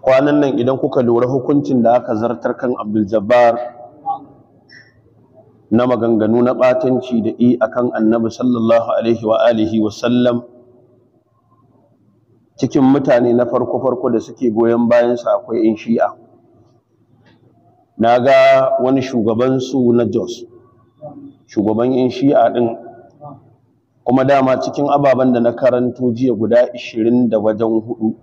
kwanan nan idan kuka lura hukuncin da aka zartar kan abdul-jabbar na maganganu na ɓatanci da i kan annabi sallallahu alaihi wa alihi cikin mutane na farko-farko da suke goyon bayansa akwai in shi'a na ga wani shugabansu na jos shugaban in shi'a ɗin kuma dama cikin ababen da na karanto jiya guda 20 da wajen hudu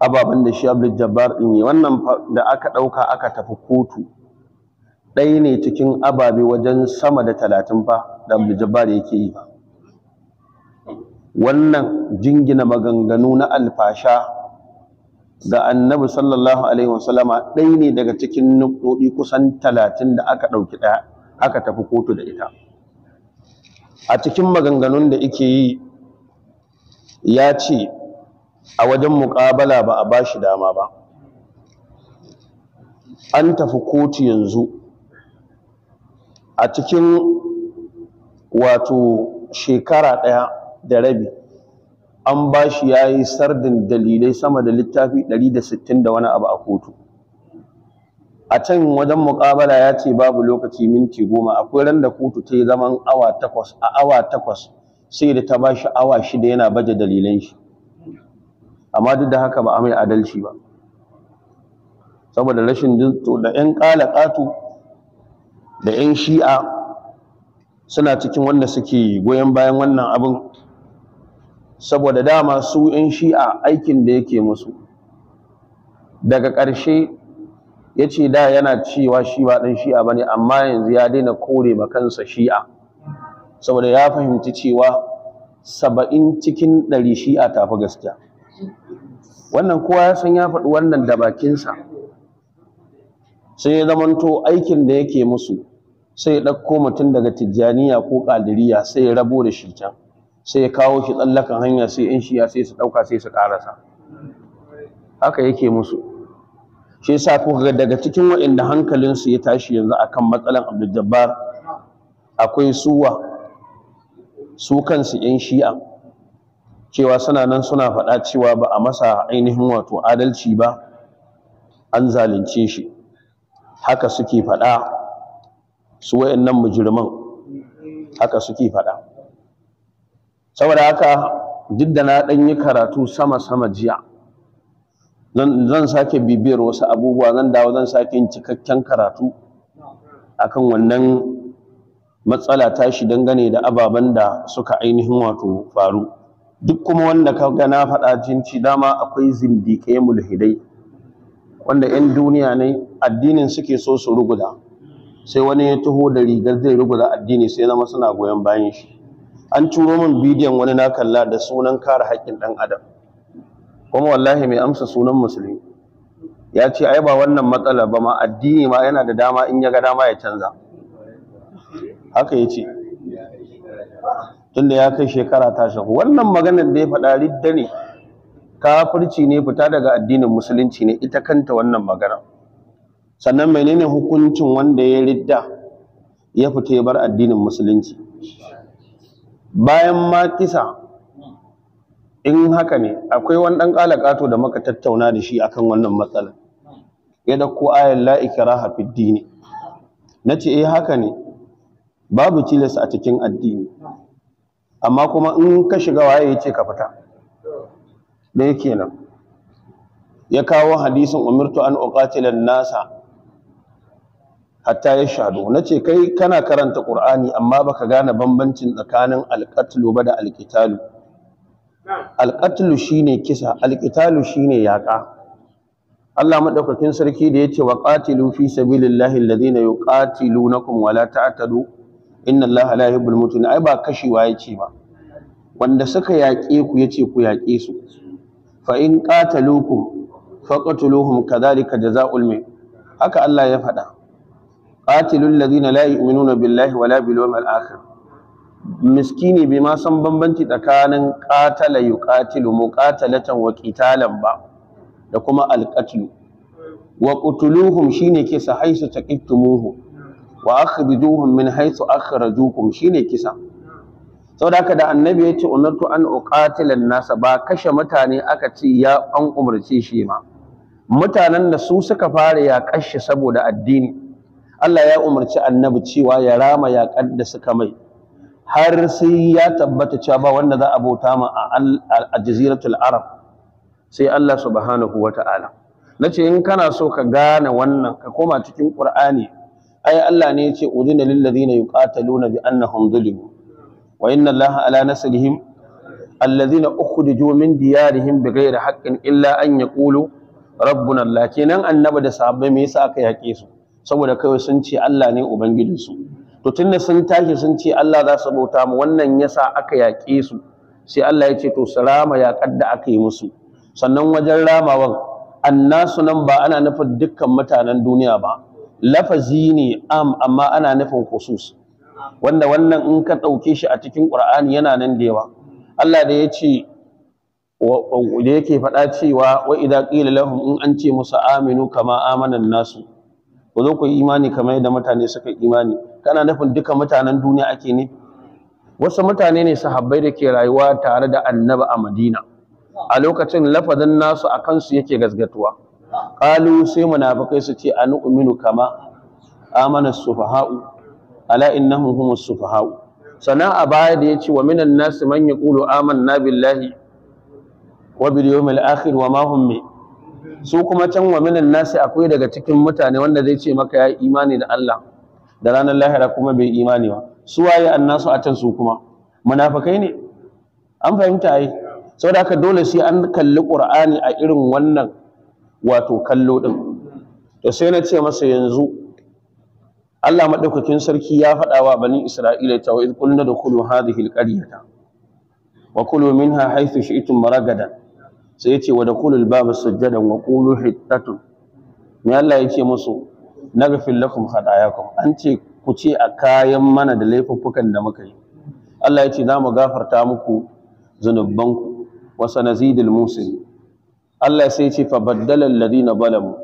ababen da shi abdul jabbar din yi wannan da aka ɗauka aka tafi kotu ɗaya ne cikin ababe wajen sama da talatin fa da abdul jabbar yake yi ba wannan jingina maganganu na alfasha ga annabi sallallahu alaihi wasallama ɗaya ne daga cikin nuɗoɗi kusan talatin da aka ɗauki ɗaya aka tafi kotu da ita a cikin maganganun da ike yi ya ce a wajen muƙabala ba a bashi dama ba an tafi kotu yanzu a cikin wato shekara ɗaya da rabi an bashi ya yi sardin dalilai sama da littafi 160 da wani abu a kotu a can wajen muƙabala ya ce babu lokaci minti goma akwai randa kotu ta yi zaman awa takwas a awa takwas sai da ta bashi awa shida yana baje dalilan shi amma duk da haka ba a mai adalci ba saboda rashin dinto da 'yan ƙalaƙatu da 'yan shi'a suna cikin wanda suke goyon bayan wannan abin saboda dama su 'yan shi'a aikin da yake musu daga ƙarshe ya ce da yana cewa shi ba ɗan shi'a ba ne amma yanzu ya daina kore ma kansa shi'a saboda ya fahimci cewa saba'in cikin ɗari shi'a tafi gaskiya wannan kowa ya san ya faɗi wannan da bakinsa sai ya zamanto aikin da yake musu sai ya ɗauko mutum daga tijjaniya ko ƙadiriya sai ya rabo da shi can sai ya kawo shi tsallakan hanya sai in shiya sai su ɗauka sai su ƙarasa haka yake musu shi yasa ga daga cikin waɗanda hankalinsu ya tashi yanzu akan matsalan abdul akwai suwa su kansu 'yan shi'a cewa suna nan suna faɗa cewa ba a masa ainihin wato adalci ba an zalunce shi haka suke faɗa su wayannan mujirman haka suke faɗa saboda haka duk da na ɗan yi karatu sama-sama jiya zan sake bibiyar wasu abubuwa zan dawo zan sake yin cikakken karatu akan wannan matsala tashi dangane da ababen da suka ainihin wato faru duk kuma wanda ka ga na faɗa jinci dama akwai zindiƙe mulhidai wanda 'yan duniya ne addinin suke so su ruguda sai wani ya taho da rigar zai ruguda addini sai zama suna goyon bayan shi an turo min bidiyon wani na kalla da sunan kare haƙƙin ɗan adam kuma wallahi mai amsa sunan musulmi ya ce ai ba wannan matsala ba ma addini ma yana da dama in ya ga dama ya canza haka ya ce tunda ya kai shekara ta shafu wannan maganar da ya faɗa ridda ne kafirci ne fita daga addinin musulunci ne ita kanta wannan magana sannan menene hukuncin wanda ya ridda ya fita ya bar addinin musulunci bayan ma kisa in haka ne akwai wani ɗan ƙato da maka tattauna da shi akan wannan matsalar ya ɗauko ayan la ikraha fid Na ce eh haka ne babu tilas a cikin addini amma kuma in ka shiga waye ya ce ka fita da yake nan ya kawo hadisin umirtu an uqatilan nasa hatta ya shahadu na ce kai kana karanta ƙur'ani amma baka gane bambancin tsakanin alƙatulu ba da alƙitalu alƙatulu shine kisa alƙitalu shine yaƙa Allah maɗaukakin sarki da ya ce wa ƙatilu fi sabilillahi alladhina yuqatilunakum wa la ta'tadu inna Allaha la yuhibbul mutane ai ba kashewa ya ce ba wanda suka yaƙe ku yace ku yaƙe su fa in qatalukum faqtuluhum kadhalika jazaa'ul mu'min haka Allah ya faɗa qatilul ladina la yu'minuna billahi wala bil yawmil akhir miskini bai ma san bambanci tsakanin qatala yuqatilu muqatalatan wa qitalan ba da kuma alqatlu wa qutuluhum shine kisa haisu taqittumuhu wa akhrijuhum min haisu akhrajukum shine kisa saboda haka da annabi ya ce umartu an uqatilan nasa ba kashe mutane aka ce ya an umarce shi ma mutanen da su suka fara ya kashe saboda addini Allah ya umarci annabi cewa ya rama ya da suka mai har sai ya tabbata cewa ba wanda za a bauta ma a jaziratul arab sai Allah subhanahu wata'ala nace in kana so ka gane wannan ka koma cikin qur'ani ai Allah ne ya ce udina lil ladina yuqataluna bi annahum zulimu wa inna allaha ala nasrihim alladhina ukhrijo min diyarihim bighairi haqqin illa an yaqulu rabbuna allah nan annabi da sahabbai me yasa aka yake su saboda kawai sun ce Allah ne ubangijinsu to tunda sun tashi sun ce Allah za su bauta mu wannan yasa aka yaƙe su sai Allah ya ce to salama ya kadda aka yi musu sannan wajen ramawan annasu nan ba ana nufin dukkan mutanen duniya ba lafazi ne am amma ana nufin kusus. wanda wannan in ka ɗauke shi a cikin ƙur'ani yana nan da yawa Allah da ya ce da yake faɗa cewa wa idza qila lahum in an ce musu aminu kama amana nasu ku zo ku yi imani kamar yadda mutane suka imani kana nufin duka mutanen duniya ake ne wasu mutane ne sahabbai da ke rayuwa tare da annabi a Madina a lokacin lafazin nasu a kansu yake gasgatuwa qalu sai munafikai su ce anu'minu kama amana sufaha'u ala innahum humus sufaha sana'a baya da yace wa minan nas man yaqulu amanna billahi wa bil yawmil akhir wa ma hum su kuma can wa minan nasi akwai daga cikin mutane wanda zai ce maka ya imani da Allah da ranar lahira kuma bai imani ba su waye annasu a can su kuma munafikai ne an fahimta ai saboda haka dole sai an kalli qur'ani a irin wannan wato kallo din to sai na ce masa yanzu Allah maɗaukakin sarki ya faɗa wa bani Isra'ila ta da Kulu, qulna dukhulu hadhihi ta. wa kulu minha haythu shi'tum maragadan sai ce wa Kulu babu sujadan wa qulu hittatun me Allah yace musu naghfir lakum khatayakum an ce ku ce a kayan mana da laifuffukan da muka yi Allah yace za mu gafarta muku zunubanku wa sanazidul musin Allah sai ce fa baddala alladhina zalamu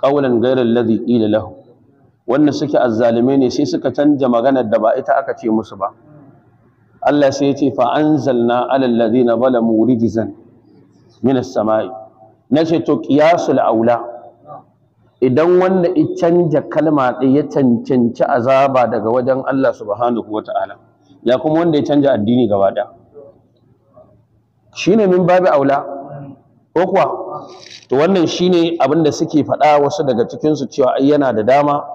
qawlan ghayra alladhi qila lahum wanda suke azzalume ne sai suka canja maganar da ba ita aka ce musu ba Allah sai ya ce fa anzalna alal ladina zalamu rijzan min as-sama'i nace to qiyasul aula idan wanda ya canja kalma ɗaya ya cancanci azaba daga wajen Allah subhanahu wata'ala ya kuma wanda ya canja addini gaba ɗaya shine min babu aula ko kuwa to wannan shine abin da suke faɗa wasu daga cikin su cewa ai yana da dama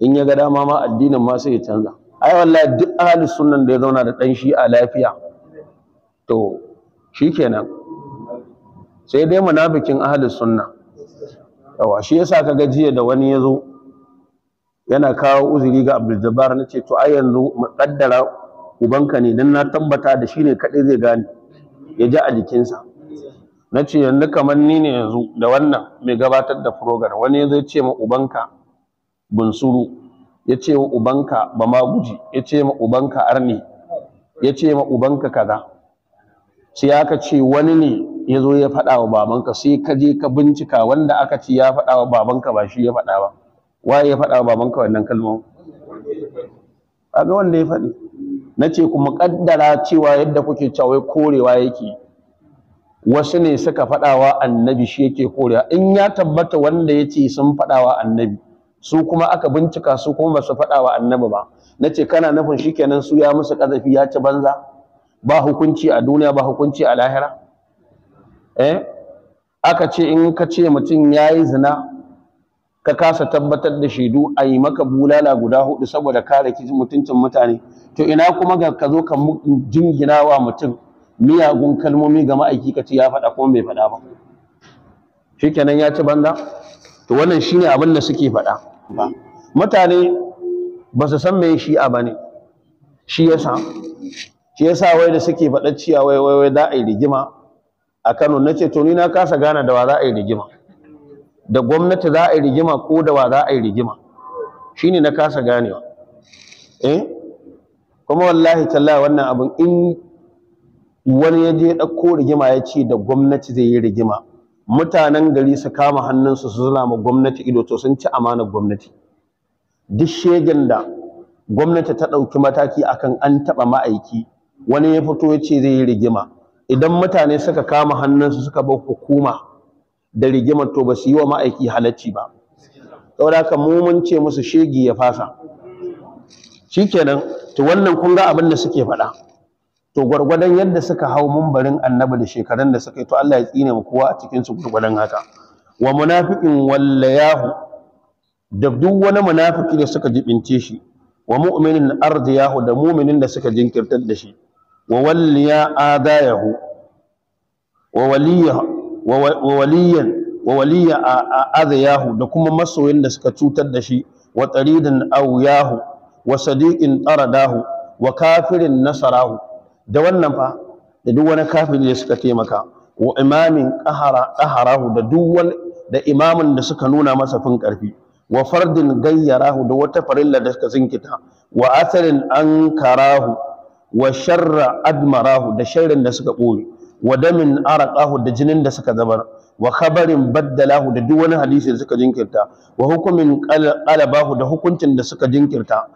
in ya ga dama ma addinin ma sai ya canza ai wallahi duk ahlus sunnan da ya zauna da dan shi a lafiya to shikenan sai dai munafikin ahlus sunna yawa shi yasa kaga jiya da wani yazo yana kawo uzuri ga Abdul Jabbar nace to ai yanzu mu kaddara ubanka ne dan na tabbata da shi ne kadai zai gane ya ji a jikinsa nace yanzu kamar ni ne yanzu da wannan mai gabatar da program wani zai ce ma ubanka bunsuru ya ce wa ubanka ba ma guji ya ce ma ubanka arni ya ce ma ubanka kaza sai aka ce wani ne ya zo ya faɗa wa babanka sai ka je ka bincika wanda aka ce ya faɗa wa babanka ba shi ya faɗa ba waye ya faɗa wa babanka wannan A ga wanda ya faɗi na ce kuma ƙaddara cewa yadda kuke cewa korewa yake wasu ne suka faɗawa annabi shi yake korewa in ya tabbata wanda ya ce sun faɗawa annabi su kuma aka bincika su kuma ba su faɗa wa annabi ba na ce kana nufin shikenan su ya musu ƙazafi ya ci banza ba hukunci a duniya ba hukunci a lahira eh aka ce in ka ce mutum ya yi zina ka kasa tabbatar da shaidu a yi maka bulala guda hudu saboda kare mutuncin mutane to ina kuma ga ka zo ka jingina wa mutum miyagun kalmomi ga ma'aiki ka ce ya faɗa kuma bai faɗa ba shikenan ya ci banza to wannan shine abin da suke faɗa ba mutane ba su san me shi'a ba ne shi yasa shi yasa wai da suke faɗa ciya wai wai wai za a yi rigima a Kano na ce to ni na kasa gane da wa za a yi rigima da gwamnati za a yi rigima ko da wa za a yi rigima shine na kasa ganewa eh kuma wallahi tallahi wannan abin in wani ya je ɗauko rigima ya ce da gwamnati zai yi rigima mutanen gari su kama hannunsu su zula ma gwamnati ido to sun ci amanar gwamnati duk shegen da gwamnati ta ɗauki mataki akan an taɓa ma'aiki wani ya fito ya ce zai yi rigima idan mutane suka kama hannunsu suka bar hukuma da rigimar to ba su yi wa ma'aiki halacci ba saboda haka mu mun ce musu shegi ya fasa shikenan to wannan kun ga abin da suke faɗa to gwargwadon yadda suka hau mumbarin annabi da shekarun da suka yi to Allah ya tsine mu kowa a cikin su gwargwadon haka wa munafiqin wallayahu da duk wani munafiki da suka jibince shi wa mu'minin ardiyahu da mu'minin da suka jinkirtar da shi wa walliya adayahu wa waliya wa waliyan wa waliya adayahu da kuma masoyin da suka cutar da shi wa taridan awyahu wa sadiqin taradahu wa kafirin nasarahu da wannan fa da duk wani kafin da suka taimaka wa imamin ƙaharahu da duk wani da imamin da suka nuna masa fin ƙarfi wa fardin gayyarahu da wata farilla da suka zinkita wa asarin ankarahu wa sharra admarahu da sharrin da suka ɓoye wa damin araƙahu da jinin da suka zabar wa khabarin baddalahu da duk wani hadisi da suka jinkirta wa hukumin ƙalabahu da hukuncin da suka jinkira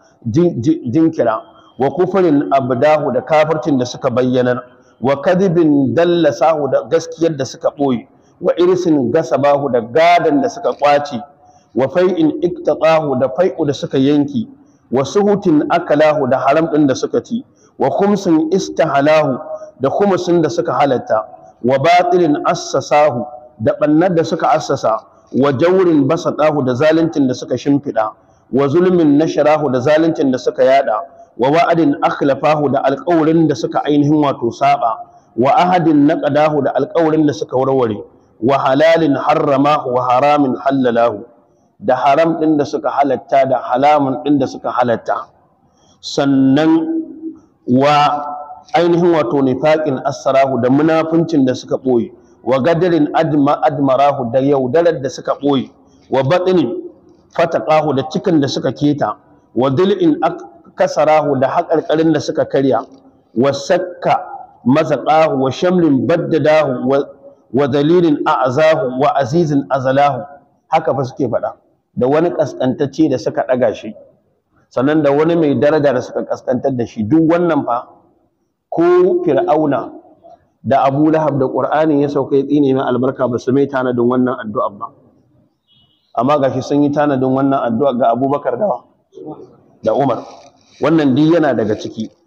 wa kufurin abdahu da kafircin da suka bayyana wa kadibin dallasahu da gaskiyar da suka ɓoye wa irsin gasabahu da gadan da suka kwace wa fai'in iktaqahu da fai'u da suka yanki wa suhutin akalahu da haram ɗin da suka ci wa kumsin istahalahu da khumsin da suka halatta wa batilin assasahu da ɓannar da suka assasa wa jawrin ɗahu da zaluncin da suka shimfiɗa. wa zulmin nasharahu da zaluncin da suka yaɗa. wa wa'adin akhlafahu da alƙawarin da suka ainihin wato saba wa ahadin naqadahu da alƙawarin da suka warware wa halalin harramahu wa haramin da haram din da suka halatta da halamun din da suka halatta sannan wa ainihin wato nifaƙin asarahu da munafincin da suka boye wa gadarin adma admarahu da yaudarar da suka boye wa batinin fataƙahu da cikin da suka keta wa dil'in kasarahu da haƙarƙarin da suka karya wa sakka mazaqahu wa shamlin baddadahu wa dalilin a'azahu wa azizin azalahu haka fa suke faɗa da wani kaskantacce da suka ɗaga shi sannan da wani mai daraja da suka ƙasƙantar da shi duk wannan fa ko fir'auna da abu lahab da ƙur'ani ya sauka ya tsine mai albarka ba su mai tanadin wannan addu'a ba amma gashi sun yi tanadin wannan addu'a ga abubakar dawa da umar wannan duk yana daga ciki